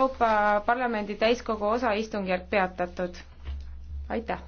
Euroopa Parlamendi täiskogu osaistungjärk peatatud. aitäh!